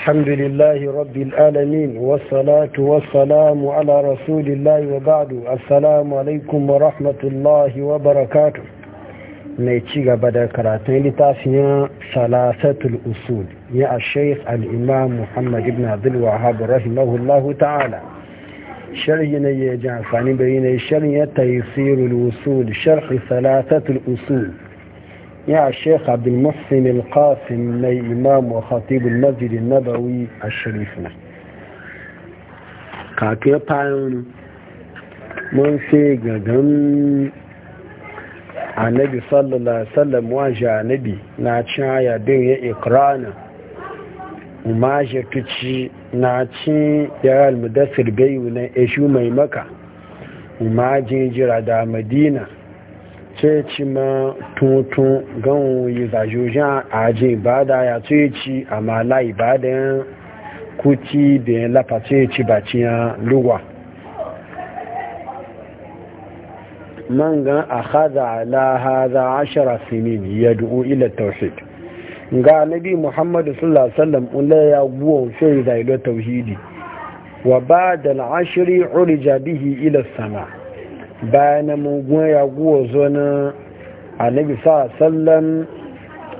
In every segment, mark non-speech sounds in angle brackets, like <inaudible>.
الحمد لله رب العالمين والصلاة والسلام على رسول الله وبعد السلام عليكم ورحمة الله وبركاته نيتيغا بدا كراتين لتاسيا ثلاثة الأصول يا الشيخ الإمام محمد بن عبد الوهاب رحمه الله تعالى شرعنا يا جعفاني بين شرعنا تيسير الوصول شرح ثلاثة الأصول يا الشيخ عبد المحسن القاسم لي إمام وخطيب المسجد النبوي الشريف kake fayon mun sai gagan annabi sallallahu alaihi wasallam waje na cin aya din ya ikrana umaje kici na ci ya almudassir bayu na ishu mai maka da madina ce ci ma tuntun gan yi zajojen aji ibada ya ce ci a mala ibadan kuti da ya lafa sai ci baciya luwa man gan a haza ala haza ashara sinin ya du'u ila tauhid ga nabi muhammadu sallallahu alaihi wasallam ya guwa sai zailo tauhidi wa ba da la'ashiri urija bihi ila sama' bayan mugun ya guwa zo na annabi sa sallan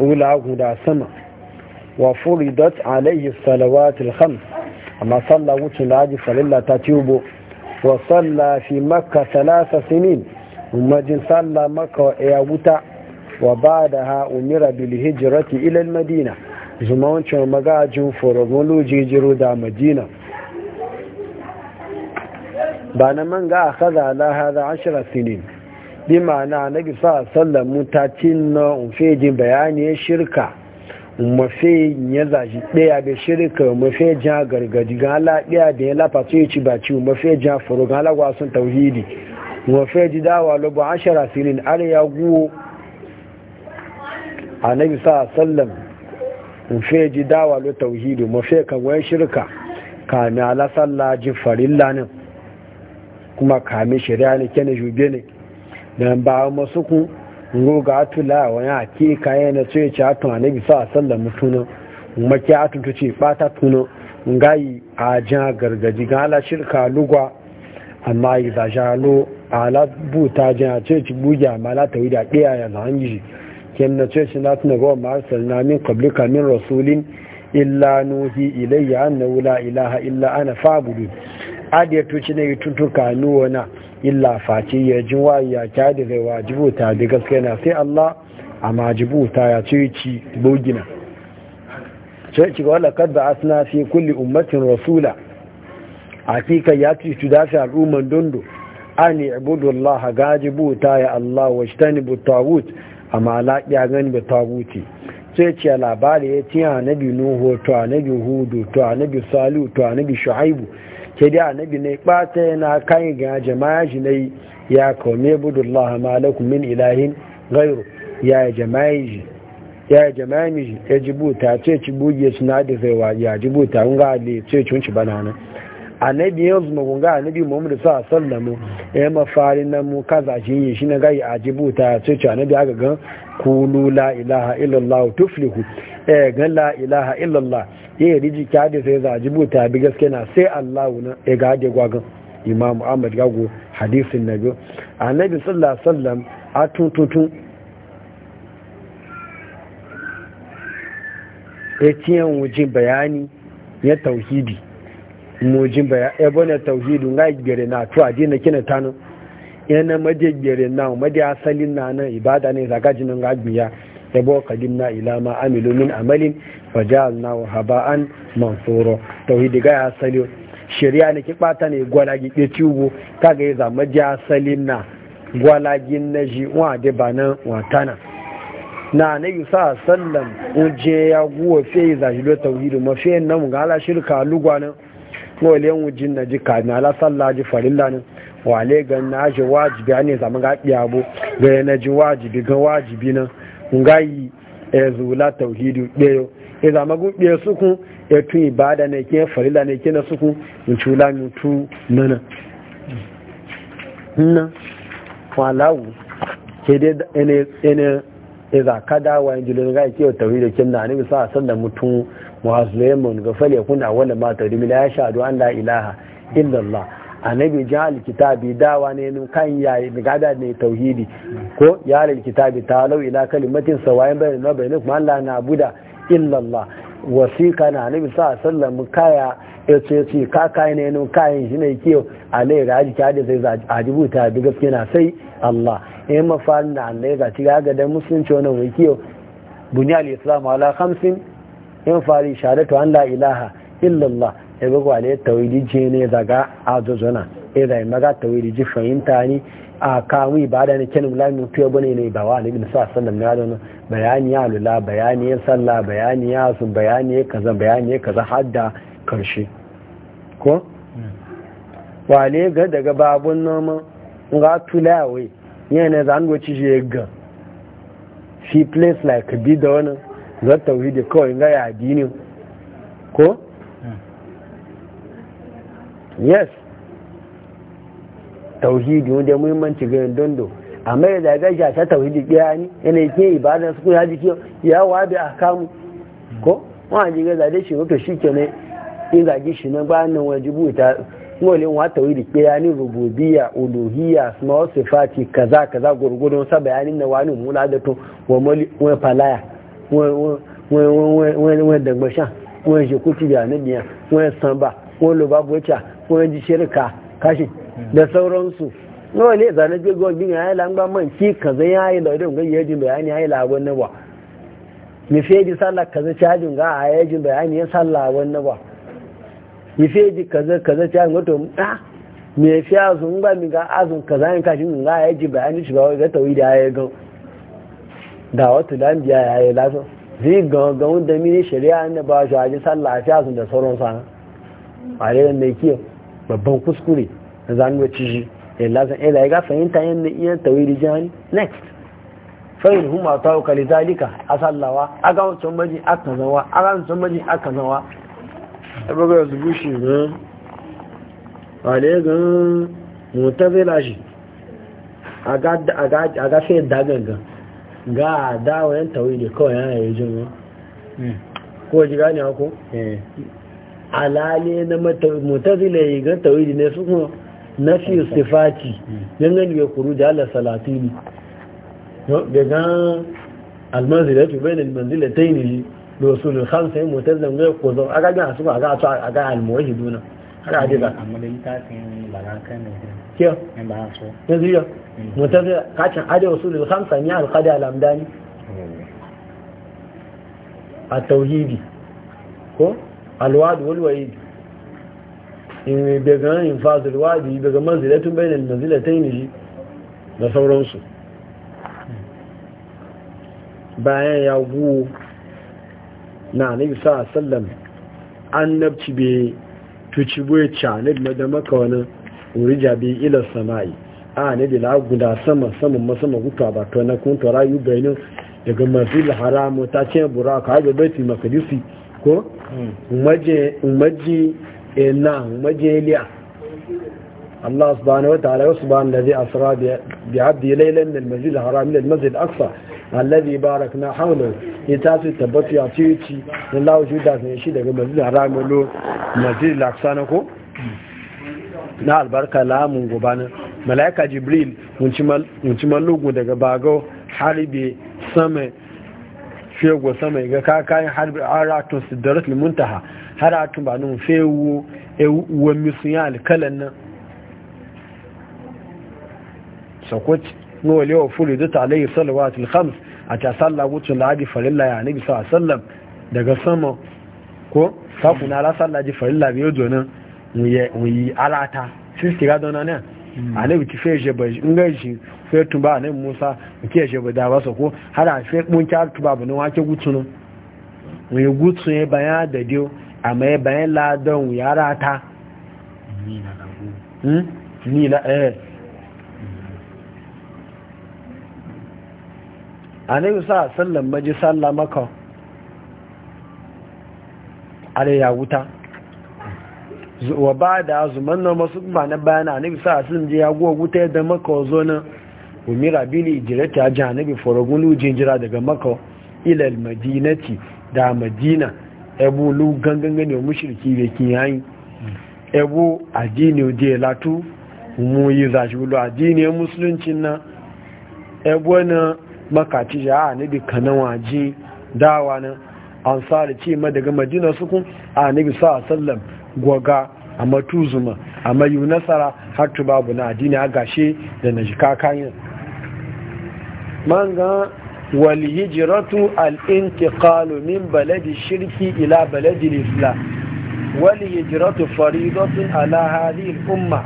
wula guda sama wa furidat alayhi salawatul khams amma sallah wucin da aji falilla ta tubo wa salla fi makka salasa sinin umajin sallah maka wa ya wuta wa ba da ha umira bil hijrati ila madina zuma wancan magajin forogon jijiro da madina ba na man ga aka zala haza ashirar sinin bi ma'ana na sa sallar mutacin na umfejin ya shirka mafi ya zaji ɗaya da shirka mafi jan gargaji ga ala ɗaya da ya lafa su ci ba ci mafi jan furu ga ala wasan tauhidi mafi ji dawa lobo ashara sinin ala ya guwo a na bisa sallan mafi ji dawa lo tauhidi mafi kan wani shirka ka na ala sallah ji farilla nan kuma kame shari'a ne kene jube ne da ba masu kun ngo ga atula wani ake kaya na ci ce atu annabi sa sallan mutuna kuma ke atu ce bata tuno ngai a jan gargaji ga ala shirka lugwa amma yi za jalo ala buta jan ce ci buja mala wida ya ya zan yi kin na ce shi na tuna ga ma sallan min min rasulin illa nuhi ilayya annahu la ilaha illa ana fa'budun adiyar tuci na yututu kanuwa na illa faci ya ji ya kya da zai wajibu ta da gaske na sai Allah a majibu ta ya ce ci bogina sai ci ga wadda kadda asina fi kulli ummatin rasula a kika ya ci su dafi al'umman dondo an yi abudullah gajibu ta ya Allah wa shi ta ni butawut ma laƙiya gani butawuti sai ce labari ya ci annabi nuhu to annabi hudu to annabi salihu to annabi shu'aibu ke da annabi ne kpata yana kayan ga jama'a shi ne ya kome budullah ma lakum min ilahin gairu ya jama'a shi ya jama'a mi shi ya jibuta ce ci buge suna da zaiwa ya jibuta wunga ali ce ci wunci bana nan annabi ya zuma gunga annabi muhammadu sa sallamu ya mafari na mu kaza shi yi shi na gai a jibuta ce ci annabi aka gan kulu la ilaha illallah tuflihu eh la ilaha illallah ya riji ka sai za buta bi gaske na sai allahu na ya gage gwagon Imam Ahmad gago hadisin nabi annabi sallallahu alaihi wasallam a tuntutun ya tiyan wujin bayani ya tauhidi mujin bayani ya bane tauhidi nga gbere na to na kina tanu yana maje gbere na maje asalin na nan ibada ne zaka jinin ga yabo kadimna ila ma amilu min amalin an haba'an mansura tauhidi ga asali shari'a ne ki bata ne gwalagi ke tiwo kaga ya zama ji asalin na gi na ji wa de bana watana na ne sa sallam uje ya guwa fe za shi do tauhidi ma fe na ga gala shirka lugwana ko le jin na ji ka na ala sallaji farilla ne le ga na ji wajibi ne zama ga bo ga na ji wajibi ga wajibi na. ngayi ezula eh, tauhidu e eh, za magu gudiyar suku e tu ibada ne ke farila ne ke na suku in cula mutu nana nna walau ke de ene za kada wa injilin ga ke tauhidu kin na ne sa san da mutum mun ga fale kuna wala ma tauhidu ya shahadu an la ilaha illallah annabi jihar kitabi dawa ne nun kan yayi gada ne tauhidi ko ya alkitabi kitabi ta lau ila kalimatin sawayin bayan na bayan kuma Allah na buda illallah wasika na annabi sa sallam kaya yace yace ka kai ne nun kai shi ne kiyo alai raji ka da zai bi gaske na sai Allah eh mafarin da annabi ga gaci ga da musulunci wannan wai kiyo bunyal islam ala khamsin in fari shahadatu an la ilaha illallah ebe gwale tawhidi je ne daga azuzuna ida maga tawhidi ji fahimta ni a kawo ibada ne kenan lai mu tuya bane ne ba wa ne bin sa sallam ne adon bayani ya lula bayani ya salla bayani ya su bayani ya kaza bayani ya kaza hada karshe ko wale ga daga babun noma ga tulawai yana zan goci ya ga fi place like bi da wani za tawhidi kawai ga ya dinin ko yes tauhidi wanda muhimmanci ga dondo amma ya zaga shi ta tauhidi ɗaya ne yana ke ibada su kuma kiyo ya wabi a kamu ko wani ji ga zade shi wato shi ke ne in zagi shi na bayan nan wani jibu ta ngole wa tauhidi ɗaya ne rububiyya uluhiyya asma wa sifati kaza kaza gurgurun sa bayanin na wani mula da to wa mali wa falaya wa wa wa wa dagmashan wa shi kuti da biya wa samba wa lubabuwa ko ji shirka kashi da sauransu nawa ne zane je gwa bin ya yi ngba man ki zai ya yi da idan ga yaji bayani ya yi la na ba mi fe ji sallah zai cajin ga a yajin bayani ya sallah na ba mi fe ji ka zai cajin wato to ah, mi me fi n ba mi ga azun kaza in kashi min ga yajin bayani shi ba ga tawhidi ya ga da wata dan biya ya yi laso zai ga da mini shari'a ne ba shi a ji sallah fi azun da sauran sa a ne kiyo babban kuskure na zanuwa ciji ya lazan ila ya ga fahimta yin na iya tawiri jihani next hu ma ta hukali zalika a sallawa a ga wancan maji a kanawa a ga wancan maji a kanawa a baga yanzu bushe eh? na wale mota mutazila shi a ga sai daganga ga dawayen tawiri kawai yana yi jin hmm. ko ji gani ako eh. alale na mutazila yi ga tawidi ne su na fi sifati gani ya kuru da Allah salatini gangan almanzila tu bayan almanzila ta yi ne da su da hamsa yi mutazila ga ya kozo a gagan a suka a ga almuwahi duna har a diga kiyo yanzu yau da ne mm. a tauhidi ko alwadu walwayi in daga nan infaz alwadi daga manzilatun bainal manzilatayn ji da sauransu bayan ya gu na nabi sa sallam annabci be tucibuye canib na da maka wani urija be ila sama'i a ne da laguda sama saman masama gutu ba to na kun rayu bayanin daga masjid haramu ta ce buraka ga baiti makadisi ko umarji ina umarji iliya Allah subhanahu wa ta'ala ba na zai asira bi 'abdi lailan da al-masjid al-haram ila al-masjid da aqsa alladhi barakna hawlahu yatasi tabbatu ya tiyi Allah juda ne shi daga masjid al-haram lo masjid al na ko na albarka lamun gobanin malaika jibril mun ci mallugu daga bago haribe sama fego sama ga kakayin haratun sidarat limuntaha haratun ba nun fewo e wa misuyan alkalan nan sakwaci wale wa furi da talayi salawatul khams a ta salla wucin la'adi farilla ya nabi sa sallam daga sama ko sakuna la salla ji farilla biyo donin mu yi alata 60 ga donanen annabi mm. ti fe je bai ngai shi fe tuba ba Musa ke je da basa ko har a fe mun ka tuba ba ne wa ke gutsun mun yi gutsun ya bayan da dio a mai bayan ladon ya rata ni na eh yi sa sallan maji sallama ka da ya wuta wa ba da su na masu ba na bayana anabi sa sun je ya go guta da maka zo na umira bili jirata ji anabi forogulu jinjira daga maka ila madinati da madina ebu lu gangan gane mushriki be kin yayi ebu adini de latu mu yi shi lu adini musuluncin na ebu na makaci ja anabi kanawa waji dawa na ansari ce ma daga madina sukun anabi sa sallam gwaga a matuzuma a mayu nasara har tu babu na adini a gashe da na jika kayan manga wal hijratu al intiqalu min baladi shirki ila baladi islam wal hijratu faridatun ala hadhihi umma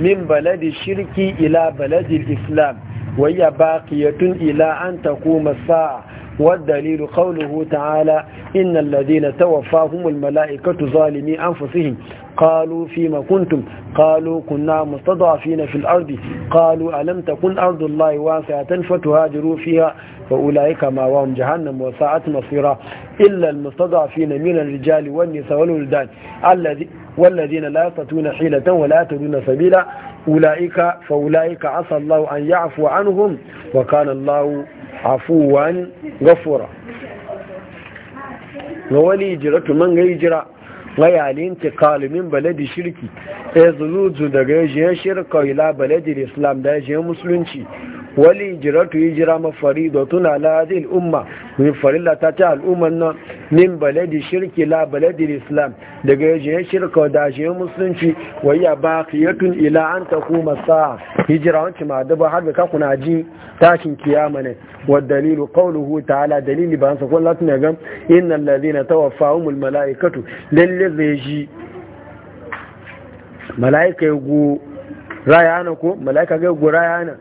min baladi shirki ila baladi islam وهي باقية إلى أن تقوم الساعة والدليل قوله تعالى إن الذين توفاهم الملائكة ظالمي أنفسهم قالوا فيما كنتم قالوا كنا مستضعفين في الأرض قالوا ألم تكن أرض الله واسعة فتهاجروا فيها فأولئك ما وهم جهنم وساعة مصيرا إلا المستضعفين من الرجال والنساء والولدان الذي والذين لا يستطيعون حيلة ولا يتدون سبيلا ula'ika fa ula'ika asallahu an ya'fu anhum wa kana Allahu afuwan ghafura ga wani hijiratu man ga hijira ga yalin tikalimin baladi shirki ya zuluzu daga yajiyar shirka ila baladi islam da yajiyar musulunci wali jiratu mafari da tuna hadhihi al-umma min farilla ta al'umman nan min baladi shirki la baladi islam daga yaje shirka da shi musulunci wa ya tun ila an takuma sa'a hijira wanci ma da ba har ka kuna ji tashin kiyama ne wa dalilu qawluhu ta'ala dalili ba sa kullu tun ga innal ladina tawaffahumul malaikatu lalle zai ji malaika go rayana ko malaika ga go na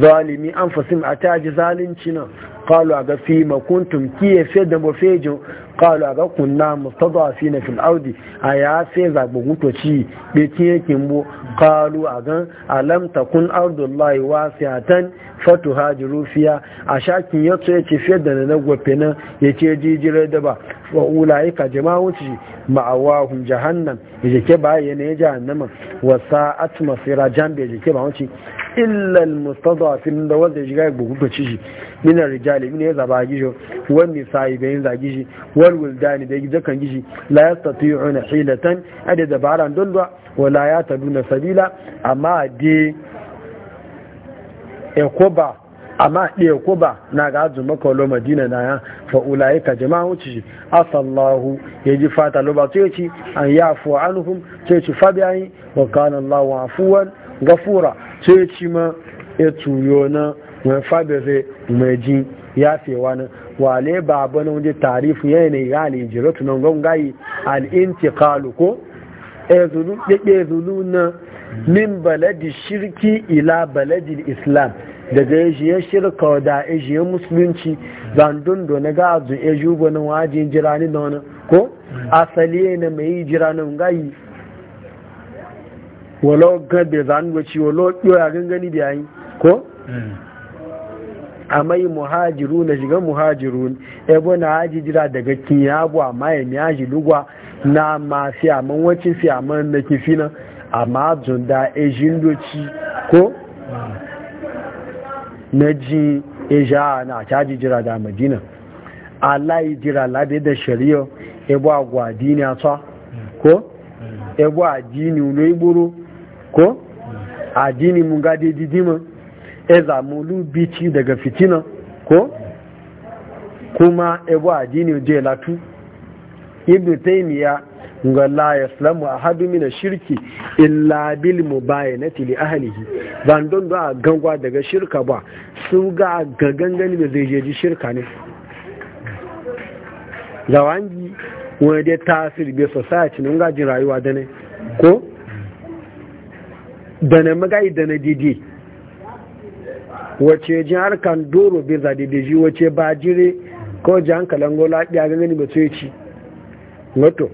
zalimi an fasim a taji ji zalunci nan kalu a ga fi makuntum kiye fe da mafejo kalu a ga kunna mustadwa fi na fil audi a ya fe zaɓi hutoci bai kiye kimbo kalu a gan alamtakun takun a tan fatu hajji rufiya a shakin ya tsaye ce fiye da na gwafe nan ya ce jijire da ba wa ulayika jama'uci ma'awahun jahannam ya jike ba yanayi jahannama wasa atmosfera jan bai jike ba wuce illal mustadafin da wanda ya shiga gugu da ciji min rijali min ya zaba gishi wan nisa'i bayin za gishi wal wuldani da gijo kan gishi la yastati'una hilatan ada dabaran don da wala ya taduna sabila amma de ekoba amma de ekoba na ga azu lo madina na ya ulai ka jama'a wuce shi asallahu ya ji fata lo to ya ci an yafu anhum to ya ci fabi ayi wa kana allah afuwan gafura sai ma ya tuyo na mai fabere mai jin ya na wale ba na wunde tarifu yana ne jiratu na gongayi al'intikalu ko ɗaya zulu na min baladi shirki ila baladin islam daga ya shirka da ya musulunci zandun da na gazu ejugo na wajen jirani na wani ko asali ne mai jiranin gayi walau gabe zanu wace walau yoya gangani biyayi ko hmm. a mai muhajiru na shiga muhajirun ebo na haji jira daga kiyabu a mai miyaji lugwa na ma fiyaman wacin fiyaman na kifi na a ma'ajin da ejin doci ko hmm. na ji eja na caji jira da madina Allah yi jira labe da shari'a ebo agwa dini a hmm. ko ebo a dini ulo iburu ko addini mun gade didima e zamu bici daga fitina ko kuma ebo addini je latu ibn taymiya ga la yaslamu ahadu min shirki illa bil mubayanati li ahlihi ban don da gangwa daga shirka ba su ga ga gangani da zai jeji shirka ne zawangi wani da ta bai society ne ga jin rayuwa da ne ko da na magayi da na didi wace jin harkar doro bai za didi wace ba jire ko ji hankalin gola ɗaya gangani ba ci wato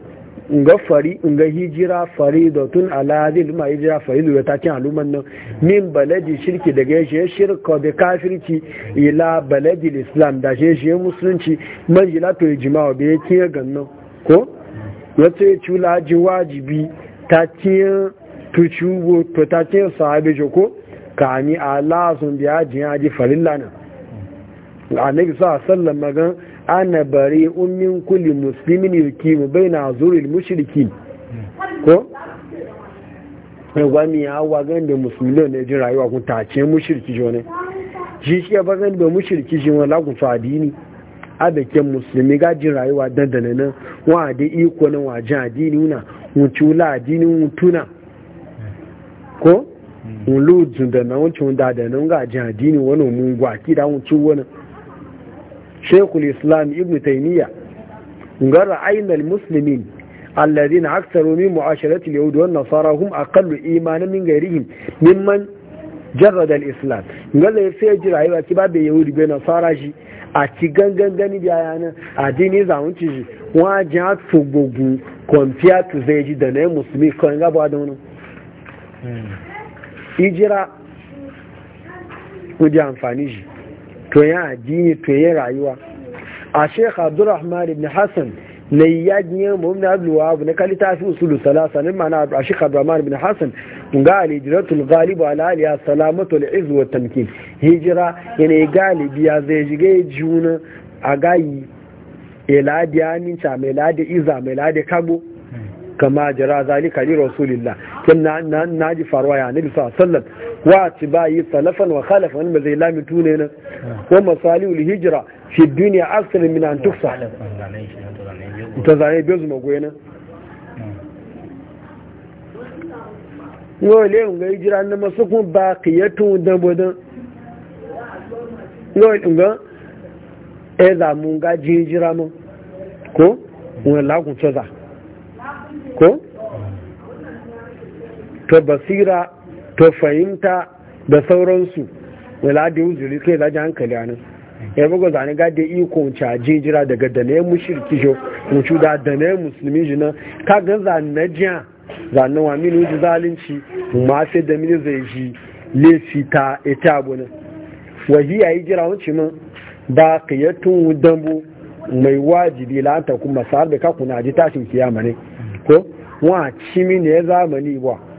nga fari nga hijira fari faridatun ala zil ma hijira fari da ta kin aluman nan min baladi shirki daga ya shirka da kafirci ila baladi islam da yashe musulunci majila ya jima'a bai kiyar gannan ko wata ya cula ji wajibi ta kiyar to ciwo to ta ce sahabe joko ka ni ala sun biya jiya ji farilla nan annabi sa sallan magan ana bari ummin kulli muslimin yukimu baina zuril mushrikin ko wani ya wagan da musulmi ne jin rayuwa kun tace mushriki jo ne shi shi ya bagan da mushriki shi wala ku fadini abekin musulmi ga jin rayuwa dandana nan wa da iko nan wa jin adini una mutula adini mutuna ko wulu da na wancin da da nan ga jihadini wani mun gwaki da wucin wani shekul islam ibn taimiyya gara ainal muslimin الذين أكثروا من معاشرة اليهود nasara hum aqallu imanan min غيرهم mimman jarrada islam ngalla ya jira yawa ki babe yahudi be nasara shi a ci gangan gani da yana addini zamunci ci shi wajen su gugu compared to zai ji da na musulmi kan gaba da wani hijira ji amfani shi to ya addini to ya rayuwa a sheikh abdurrahman ibn hassan na yadniya muhammad abdullawa abu na kalita fi usulu salasa ne mana a sheikh abdurrahman ibn hassan ga alijiratul galibu ala aliya salamatu al'izu wa tamkin hijira yana galibi ya zai shiga juna a gayi eladi aminta mai ladi iza mai ladi kabo kama jira zalika li rasulillah kan na ji faruwa ya nabi sallan, wa ci bayi salafan wa khalafan ba zai lami tune nan wa ul hijira fi duniya asr min an tuksa ta zane zuma magoye nan yau le nga hijira na masu kun ba baqiyatu dabodan yau nga e za mun ga hijira mun ko wala kun za, ko to basira to fahimta da sauransu ladi da kai zaji hankali nan ya bugu zane gada iko ci a daga da ne mushirki jo mutu da da ne musulmi jina ka ga zane jiya zane wa mini wuce zalunci ma sai da mini zai ji lefi ta ita abu nan ya yi jira wuce min ba wudan bu mai wajibi la'anta kuma sa'ar da kakuna ji tashin kiyama ne ko wa cimi ne ya zamani ba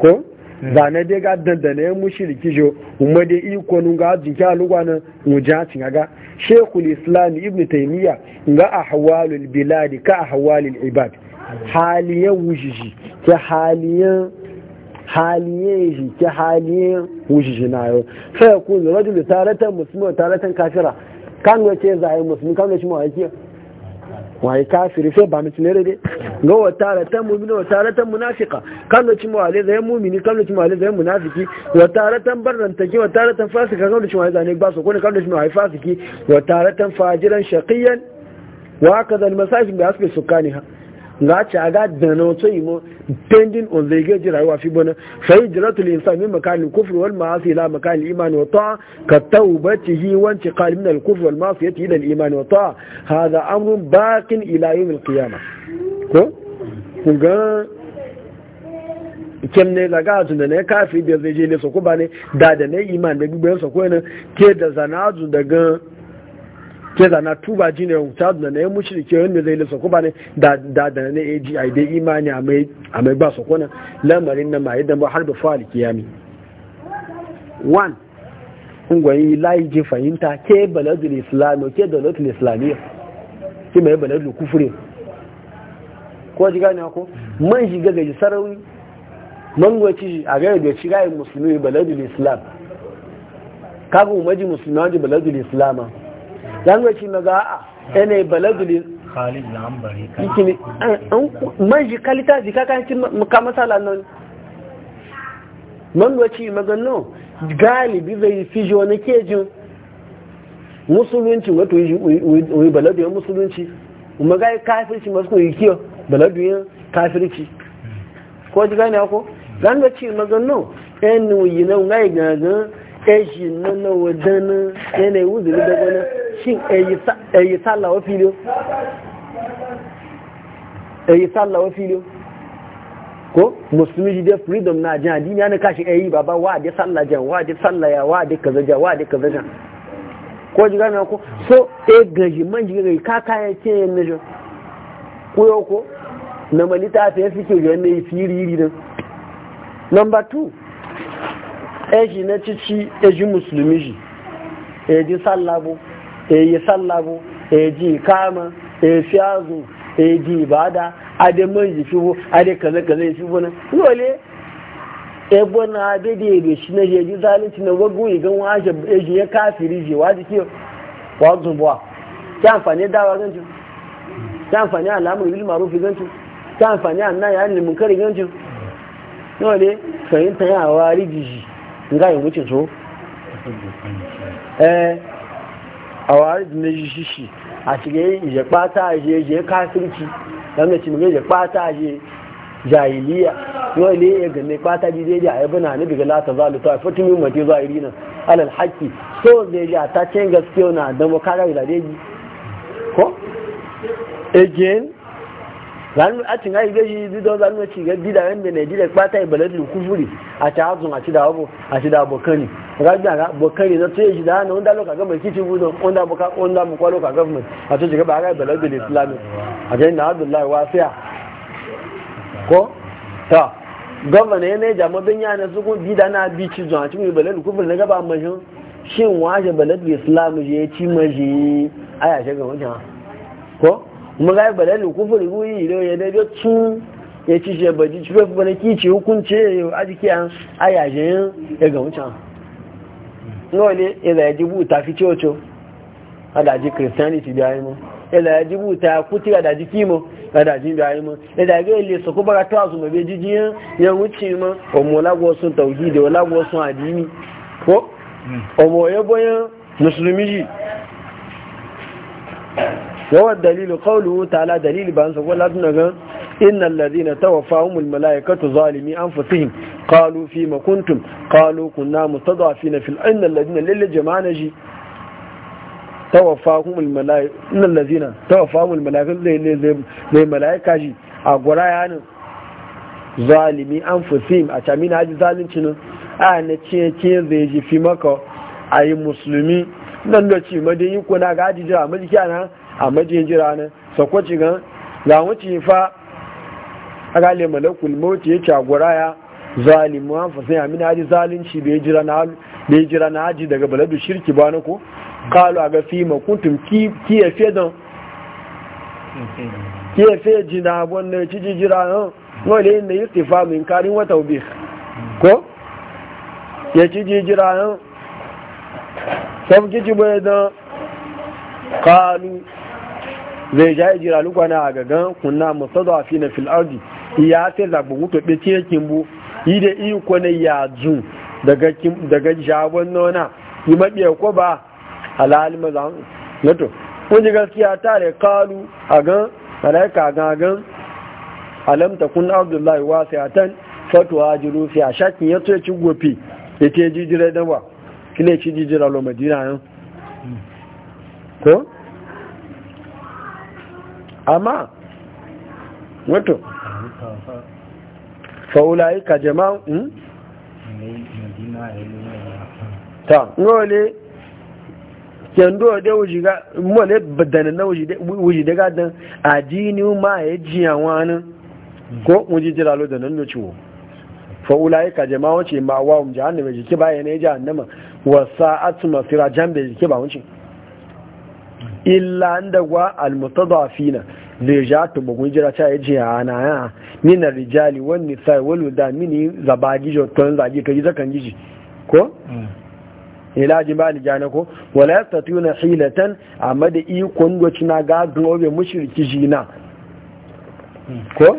ko hmm. zane dai ga dandana ya mushiriki jo umma dai iko nun ga jinki alugwanin mujacin ga shekul islam ibn taymiya ga ahwalul bilad ka ahwalul ibad haliyan wujiji ke haliyan haliye ji ke haliye wujiji na yau sai ku zura da taratan musulmi taratan kafira kan wace zai musulmi kan wace mawaki waye kafiri sai ba mutum ne dai ga wata ratan mu'mina watara ta munafika kan da cimo ale zai mu'mini kan da cimo ale zai munafiki watara ta barran take watara ta fasika kan da cimo ale zane ba su ko kan da cimo ale fasiki watara ta fajiran shaqiyan wa hakaza al masajid bi asbi sukaniha za ci a ga dana wata yi mo Tendin on zai gaji rayuwa fi bana sai jiratul insa min makalin kufr wal ma'asi ila makalin imani wa ta'a ka tawbatihi wa intiqal min al kufr wal ma'siyati ila al imani wa ta'a hadha amrun baqin ila yawm al qiyamah ko kun ga kin ne daga azu da ne kafi da zai je ne su kuma bane da da ne iman da bibiyar sa ko ne ke da zana'azu daga ke zana tuba ji ne wuta da na yi mushrike wanda zai lissa kuma ne da da na aji a dai imani a mai ba su kuna lamarin na ma yadda ba har da fa'al kiyami one ungwayi layi ji fahimta ke baladul islami ke dalatul islamiyya ke mai baladul kufure ko ji gane ko man shi gaga gaji sarari man gwaci a gaya da shiga musulmi baladul islam kagun maji musulmi wajen baladul islama langoci na za a yana balaguli khalid na an bari ka ne man ji kalita ji ka magano galibi zai fi wani kejin musulunci wato yi baladuyan musulunci kuma yi kafirci masu yi kiyo baladuyan kafirci ko ji gani ako langoci magano yan na nan ga gaggan eji na na wadana yanayi wuzuri da gwanan cin ẹ̀yí sálàwọ́ fílíò ẹ̀yí sálàwọ́ filo? ko musulmi jide freedom na jan adini ne kashi ayi baba wa de salla jan wa de salla ya wa de kaza jan wa de kaza jan ko ji na ko so e gaji man ji ga ka ka ce ne jo ko yo ko na malita ta fike ke ga ne firi ri din number 2 e na cici e ji musulmi ji e ji sallah eyi sallabu eji kama efi azu eji ibada ade manji fibo ade kaza kaza fibo na dole ebo na abe da ebe shi na jeji zalunci na wagun igan waje eji ya kafiri je wa jiki wa buwa ki amfani dawa gancin ki amfani alamun bil marufi gancin ki amfani anna ya ni munkari gancin dole fahimta ya wari jiji nga yi wuce so a wari da na shi a shige je kpata a je je kafirci don da cimge je kpata a je jahiliya yau ne ya gane kpata bi zai ja yabi na nabi ga lata zalu ta fatin yi mace zuwa iri nan alal haƙƙi so zai ja ta ce gaskiya na dan wakara ji ko again zanu a cin ayi gaji bidon zanu ci e ga bidayen da ne da ba ta yi baladin kufuri a ta hazun a ci da abu a ci da abokani rabi a abokani na tsaye shi da hannu wanda loka gaba kici budo wanda abokan wanda mu kwalo ka mu a ta shiga ba e a rai baladin islami e a jai na abdullahi wasiya ko ta gwamna ya ne jama bin yana su kun bida na bi ci zuwa ci mai baladin kufuri na gaba mu? shin washe baladin islami ya ci maji a yashe ga wajen ko kuma ga ba dalil kufuri ruyi ne ya da tun ya ci je ba ji ba ba ne kici hukunce a jiki an ayaje ya ga mutan no ne ila ya jibu ta fi coco ada ji christianity da yi mu ila ya jibu ta kuti ada ji kimo ada ji da yi mu ila ga ile su ku bara tawazu ma be jijiyan ya wuce mu o mu lagwo sun tauhidi o lagwo sun adini ko o ya yebo musulmi ji wawar dalilin kawo wuta ala dalilin ba nsa kwallo tun daga inan lardina ta wafa umul mala'ikatu zalimi an fusihin kalu fi makuntun kalu kunna mutu zafi na fil inan lardina lalle jama'ana ji ta wafa umul mala'ikatu zai mala'ika ji a gura yanin zalimi an fusihin a camina haji zalincin a yana cikin zai ji fi maka a yi musulmi nan da ce madayi kuna gajijira madiki ana a majin jira ne sakwaci gan ga wuce fa gale malakul mawuce ya cagura ya zalimu an fasin amina haji zalunci bai jira na bai jira na haji daga baladu shirki ba ko kalu a ga fima kuntum ki ya fe don ki ya fe jina abon na ciji jira nan wale yin da yi stifa min karin wata ubi ko ya ci jira nan sabgiji bai don kalu zai ja ijira lukwana a gagan kunna musadu a fina fil ardi ya ce zaɓi wuto ɓe ce kimbu yi da iya kwanai ya zu daga jagon nona yi maɓiya ko ba alhali maza nato ji gaskiya tare kalu a gan alaika gan gan alamta kun abdullahi wasu ya tan fatuwa jiru fi a shakin ya tsoye ci gofi ya ce jijira dawa kine ci jijira lo madina yan ko amma wato faulayi ka jama'un hmm? ta nwole kendo wuji wujiga mole badanin na wujide gadon adini ma ya ji yawon ko wujijira lo da nan da ciwo faulayi ka jama'un ce ma wa umji hannu mai jiki bayan ya ji hannama wasa atuma, masira jan bai jiki ba wuce illa inda gwa fina. leja to bugun jira ta yaji e ana ya mina rijali wani sai wani da mini zabaji jo ton zaji to ji zakan jiji ko ila hmm. e ni jana ko wala yastatuna hilatan amma da ikon goci na ga gobe mushriki jina hmm. ko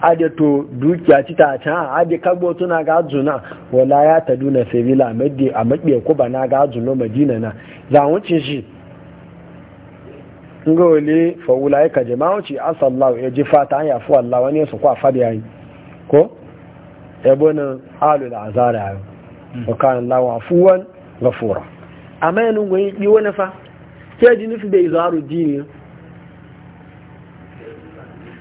ade to dukiya ci ta can ade kagbo tuna ga juna wala ya taduna sabila amma a amma ko bana ga juno madina na za wucin shi Nga ga fa wula ya kaje ma wuce asallahu ya ji fata an yafi wallah wani su kwa fadi yi ko ya bonin alu da azara yayi hmm. wa kana lawa afuwan gafura amma yanzu gwai yi wani fa ke ji nufi bai zaru dini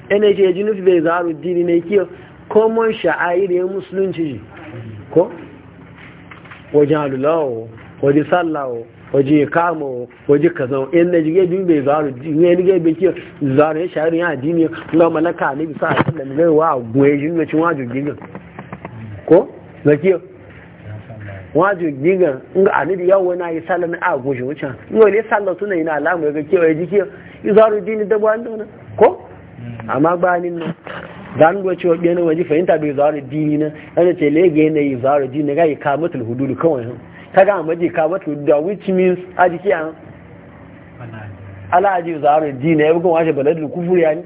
ene ke ji nufi bai zaru dini ne kiyo common sha'air ya musulunci ko wajen alulawo wajen sallawo waje kamo waje ka in na jige bin bai zaru ne ni ga bai kiyo zaru ya shari ya dini na malaka ne bisa a na gai wa goye jin na cin waju gigan ko na kiyo waju gigan in ga anabi yawo na yi sallan a goje wuce in wani sallan na ga kiyo ya ji kiyo zaru dini da ba ko amma ba ni dan na waje fahimta bai zaru dini na ana ce lege ne yi zaru ga yi kamatul kawai kaga a maji ka batu da which means a jiki an alaji zaru dina ya bugun washe baladul kufur ya ni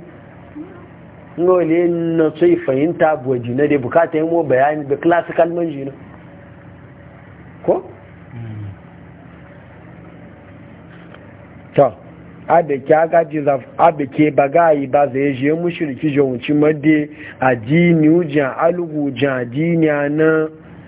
ngole na sai fahimta buwaji na dai bukata yi mo bayani da classical manji na ko? ta abeke agaji ke bagayi ba zai je mushirki jonci madde addini ujian alugu ujian addini na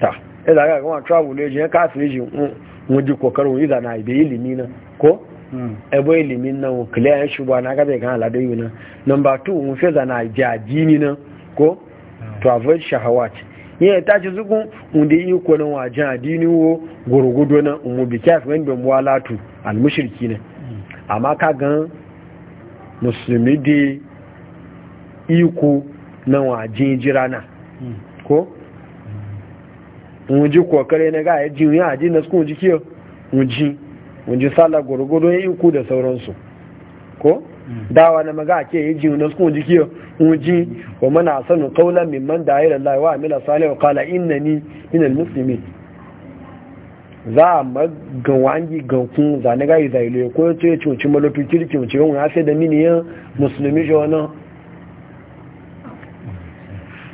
ta idan ga kuma travel ne jin kafin jin mun ji kokarin idan na ibe ilimi na ko ebo na nan clear ya shugaba na ga zai yi na. number 2 mun feza na jaji ni na ko to avoid shahawat yin ta ci zuku inda yi kwanan wajen adini wo na umu bi kyaf wani bin ne amma ka gan musulmi iko na jirana ko mun ji kokare na ga yaji ya aji na su ji kiyo mun ji mun ji sallah gurgudu yin ku da sauransu ko mm. dawa na maga yi yaji na su ji kiyo mun ji wa mana sanu qawlan mimman da'a ila Allah wa amila salihan qala innani minal musulmi. za a magawangi gankun zane ga izailo ko ya ce cuci malatu kirki mace yawon ya sai da miniyan musulmi shi wani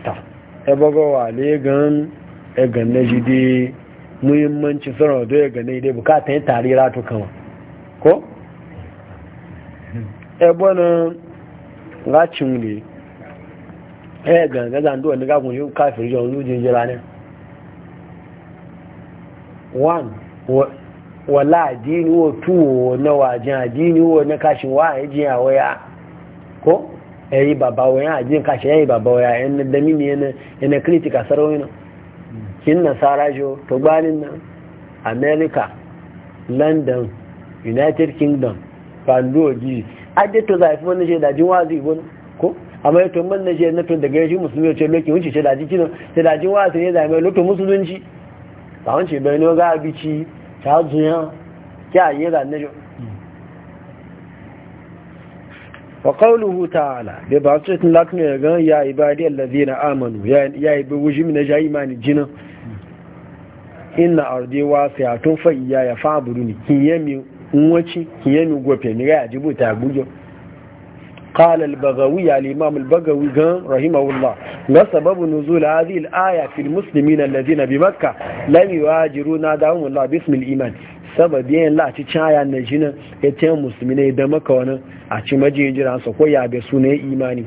ta ebe gawa gan ya ganna shi dai muhimmancin suna da ya ganna dai bukata ya tare ratu kama ko? ebe na racin ne ya ganga zandu wani gagun yi kafin yawon lujin jira ne one wala adini wo tuwo na wajen adini wo na kashin wa ya jiya waya ko ya yi babawa ya ajiyar kashin ya yi babawa ya yana damini na kritika sarawai na kin nasara jo to gbanin nan Amerika, london united kingdom fandoji adi to zaifi wani ce daji wazi ibon ko amma ya tumbar na ce natun daga yashi musulmi ce lokin wunci ce daji kinan ce daji wazi ne zaifi lokin musulunci ba wunci bai ne ga abici ta zuya a yi ga na jo wa qawluhu ta'ala bi ba'atin lakna ya ga ya ibadi allazina amanu ya ya ibu jimina jayimani jinan In na arde wa tsayatun fahimiyya ya fara barin kiya mun kuma ci kiya mun gobe. Na ga ya ji bude ta abubuwa. Kala albagawi ya lema ma albagawi gan rahimahula. Nga sababu na zula azir aya firi musulmin na ladiyan bi maka. Lami ba ya ji runa da awi iman. Sabida biyan la'a-kiciyayya na jina ya canwa musulmine ya dama a ci maje yin jiransu ko ya bi sunan imanin.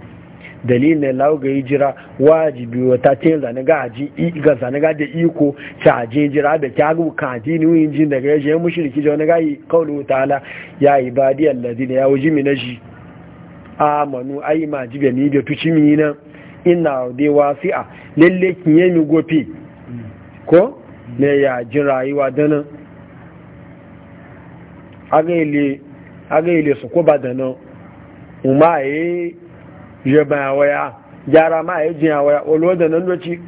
dalilin na lawo ga jira wajibi wata ce zanaga aji ga zanaga da iko ta aji hijira da kyagu kaji ni wuyin jin daga yaje mushriki jawna ga yi kaulu ta'ala ya ibadi allazina ya wuji minaji amanu ai ma ji jibe ni da tuci mi na ina de wasi'a lalle kin yi mi gofi ko ne ya jin rayuwa dana aga ile aga ile su ko badana umaye jaba waya gyara ma ya jiya waya o da nan doci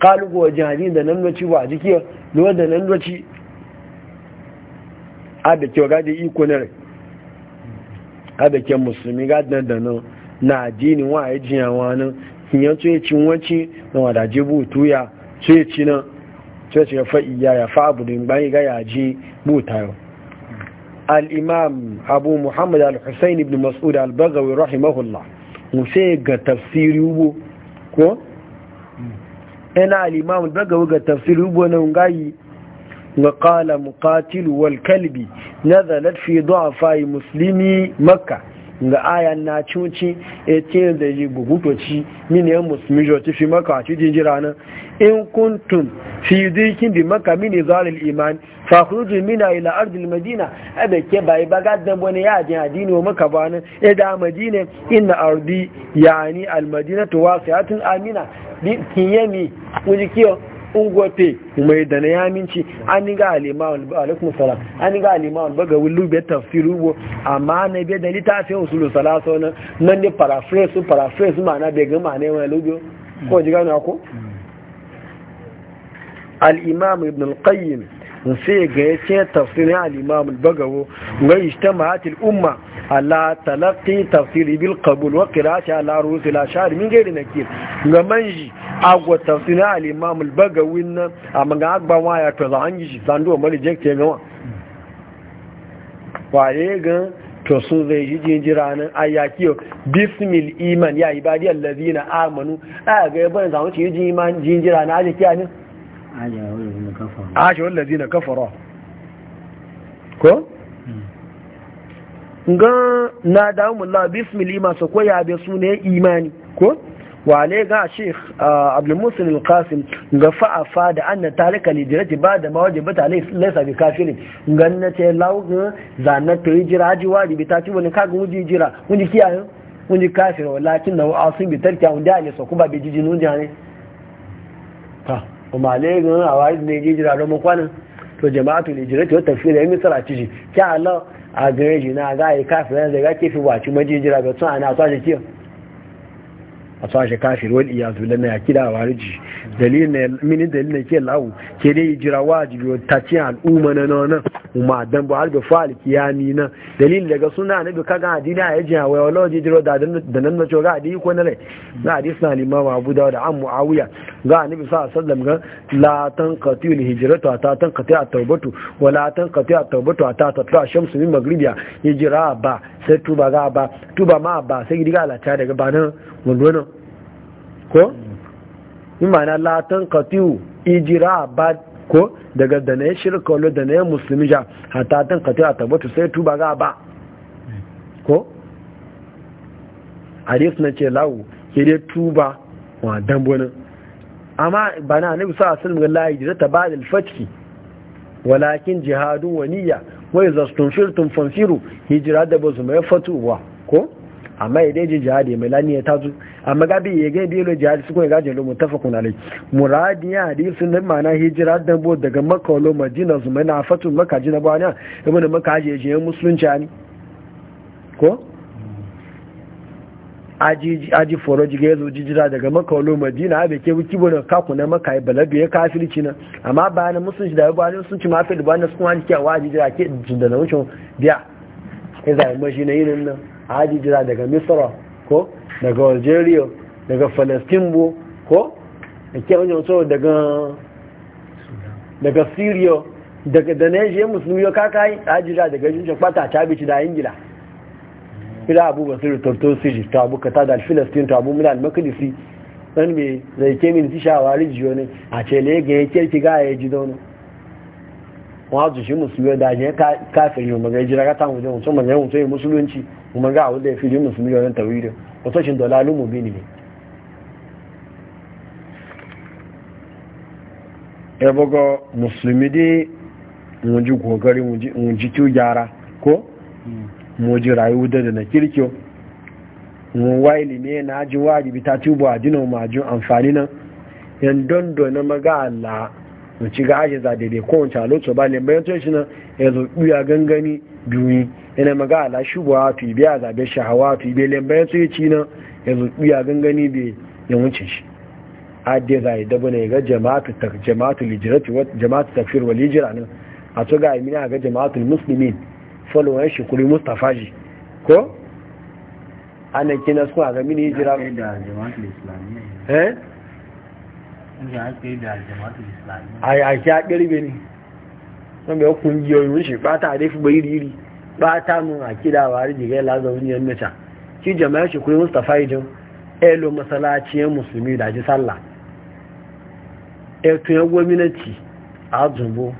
kalugo wa jihadi da nan doci ba jiki lo da nan doci a da kyau gadi ikonar ne a da kyan musulmi gadi da nan na jini wa yi jiya wa nan kinyan tsoye cin wanci na wadaje bu tuya, tsoye ci nan tsoye ya fa'i ya ya fa'abu da bayan ga bu ji buta yau abu muhammad al الحسين ibn masud al رحمه rahimahullah musa ga tafsiri ubo ko ina alimamu daga ga tafsiri ubo na ngayi ga kala muqatilu wal kalbi nazalat fi du'afa muslimi makka ga aya na cuci e tiyan da ji gugutoci mini yan musulmi joti fi maka ci jinjira nan in kuntum fi dikin bi maka mini zalil iman fa khruju mina ila ardil madina ada ke bai baga dan bone ya jin adini wa maka ba nan e da madina inna ardi yani al madinatu wasi'atun amina bi kiyami wuji kiyo ungwafe mai da na yaminci an ga alimawan alaikum salam an ga alimawan baga wulu be tafsiru bo amma na be da litafin usulu salasa na nan ne paraphrase paraphrase ma'ana be ga ma'ana wani lugo ko ji gano ko al-imam ibn al-qayyim sai ga ya ce tafsirin al-imam al-bagawo ga ijtima'at al-umma ala talaqqi tafsir bil qabul wa qira'ati ala rusul ashar min ghairi nakir ga manji agwa tafsirin al-imam nan a maga agba wa ya to zan yi shi do mu reject ga wa waye ga to sun zai yi jinjira nan ayyakiyo bismil iman ya ibadi na amanu a ga ban zan ci iman jinjira na aje kiyanin aje na kafara ko hmm. gan na damu la bismil iman su kwaya ya be sune imani ko wale ga sheikh uh, abdulmusin al-qasim ga fa'afa da anna talika lijirati ba da mawaje ba ta laisa bi kafirin ganna ce lauga zanar ta yi jira ji bi ta ci wani kaga wuji jira wuji kiyaye wuji kafir walakin na wasu bi tarkiya wanda ne so kuma bi jijin wuja ne ta kuma le ga awai ne ji jira don kwana? to jama'atu lijirati wata fira yi misra ci ki kya Allah a gare shi na ga yi kafirin da ga kefi waci majijira ga tun ana tsaje kiyaye a sashe kafir wani iya lana ya kida wariji dalilin mini dalilin ke lawo ke yi jira wajibi ta ce al'umma na nan umma dan ba halbe fa'al kiyami na dalilin daga suna na duka ga hadini a yajin hawa wala waje jiro da nan na ga hadini ko na rai ga hadisi na limama abu da da an muawiya ga annabi sa sallam ga la tanqati al hijratu ta tanqati at tawbatu wa la tanqati at tawbatu ta tatla shamsu min maghribiya hijra ba sai tuba ga ba tuba ma ba sai gidiga alata daga ba nan wando ko imana latan katiu ijira ba ko daga da na shirka wani da na musulmi ja hata tan katiu a tabbatu sai tuba ga ba ko hadis na ce lawu ke dai tuba wa dambonin amma ba na nufi sa asalin ga layi da ta ba da alfatki walakin jihadun waniya wai zastun shirtun fansiru hijira da ba su mai fatuwa ko amma idan jihadi mai laniya ta zuwa. amma gabi ya ga biyo lo jihadi sukun ga jelo muttafaqun alai muradi ya sun nan ma'ana hijira dan bo daga makka lo madina zuma na fatu makka jina ba na ibn makka je je musulunci ani ko aji aji foro jiga yazo jijira daga makka lo madina abe ke wuki bo ka kuna makka balabi ya kafirci na amma ba na musulunci da ba ne musulunci ma fa da ba na sukun ani ke waji jira ke jinda na wucin biya ya zai mashi na yinin nan aji jira daga misra ko daga algeria daga palestine bu ko da ke wajen wato daga syria daga da na musulmi ya kaka yi ajira daga jinjin kwata ta bici da ingila ila abu basiru torto siri ta abu kata da filistin ta abu mila makilisi ɗan mai zai ke min tishawa rijiyo ne a ce ne ga ya ki ga ya ji zaune wọ́n tún ṣe musulmi ọ̀dá jẹ́ yi ọmọ ẹjìrá kátàwọn ọjọ́ musulmi ọ̀yẹ́ musulmi musulunci kuma ga wọ́n ya fi jí musulmi ọ̀yẹ́ tawirin wasashin dalalun mubini ne ya buga musulmi dai mun ji kokari kyau gyara ko mun rayu da na kirkiyo mun wa ilimi na ji wajibi ta tubu a majin amfani nan yan dondo na maga Allah da ci ga aje da kowane kowace halittu ba ne bayan tun shi nan ya zo ɗuya gangani duni yana maga ala shubuwa tuyi biya zabe shahawa tu biya lambayan tun ci nan ya zo ɗuya gangani bai ya wuce shi adde za yi dabo ga jama'atu jama'atu lijirati jama'atu tafiyar wali hijra nan a to ga imina ga jama'atu musulmi followan shi kuri mustafa ji ko ana kina suna ga mini hijra eh a shaƙar bene don bai kungiyoyin shi ba ta da fi bai riri ba ta nun a kida ba har jigai lazarun yan mita Ki jama'a shi kuma mustapha idin elo masalaciyar musulmi da ji sallah eto yan gwamnati a zumbo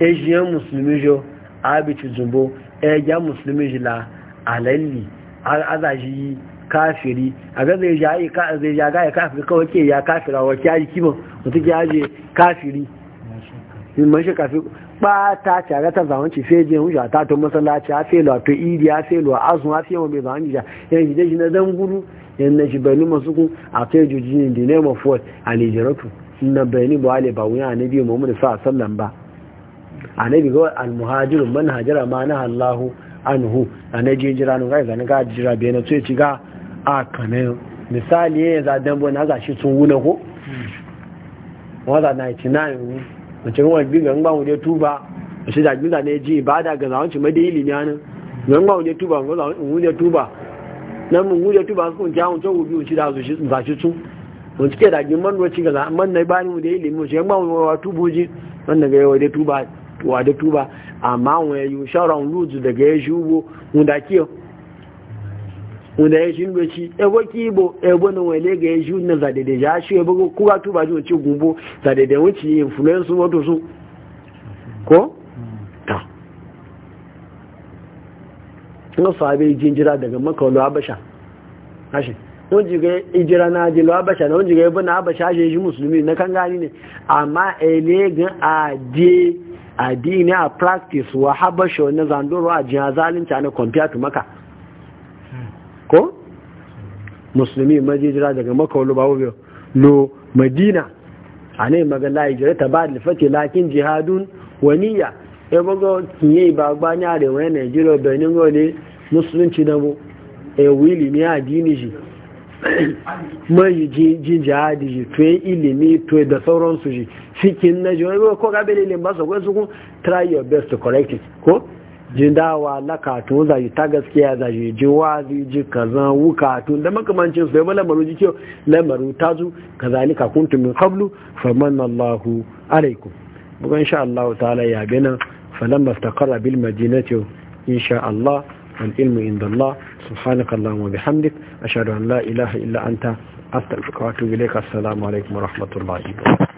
ejiyan musulmi jo a bici zumbo ejiyan musulmi jila alalli azaji kafiri a ga zai jaye ka zai jaga ya kafiri kawai ke ya kafira wa kiyaji kimo mutu ya je kafiri min man shi kafi ba ta tare ta zaman ci feje hun ja ta to masallaci a sai to idi a felo azun a felo mai zaman ja yan shi na dan guru yan na shi jibani masu kun a kai juji ne da name of what alijaratu na bayani ba wale ba wuya annabi muhammad sallallahu alaihi wasallam ba annabi ga almuhajiru man hajara ma na Allahu anhu annabi jira no ga ga jira be na so ya ci ga a kanin misali ya za dambo na za tun wuna ko waza 99 mace ruwan tuba a shi zagi ji ba ga zawanci madaili ne hannun tuba tuba mun tuba su cewa biyu da shi tun mun cike da man ga na ilimi shi ga yawa tuba wa da tuba amma wani yi shawarar luzu daga ya shi mun wanda ya shi nuna shi ebo ibo ebo na wale ga ya shi na zadede ya shi ebo kuka tuba shi wace gumbo zadede wace influence wato su ko? ta nga sahabe jinjira daga makawalo abasha ashe wọ́n jì gẹ́ ìjìra náà jì lọ abẹ́ṣà náà wọ́n jì gẹ́ ẹbọ́ náà abẹ́ṣà ṣe ṣe musulmi na kan gani ne amma ẹlẹ́gán àdí àdí ní a practice wa habasha na zandoro a na maka musulmi majijira daga makawalu babu biyu lo madina a ne magana ta ba da fati lakin jihadun waniya ya bago e kinye ba gbani arewa yana jiro benin gole musulunci na mu A e wili ne dini shi <coughs> mai ji jihadi shi to ilimi to da sauransu shi cikin na jiwa ko gabe lilin ba su kwai su kun try your best to correct it ko ji dawa lakatun zai ta gaskiya zai ji wazi ji kaza wukatun da makamancin su yaba lamaru ji lamaru ta zu kazalika kuntu min qablu fa manallahu alaikum buga insha Allah ta'ala ya fa lam istaqarra bil madinati insha Allah wal ilmu inda Allah subhanaka Allahumma bihamdik ashhadu an la ilaha illa anta astaghfiruka wa atubu ilaik assalamu alaikum wa rahmatullahi wa barakatuh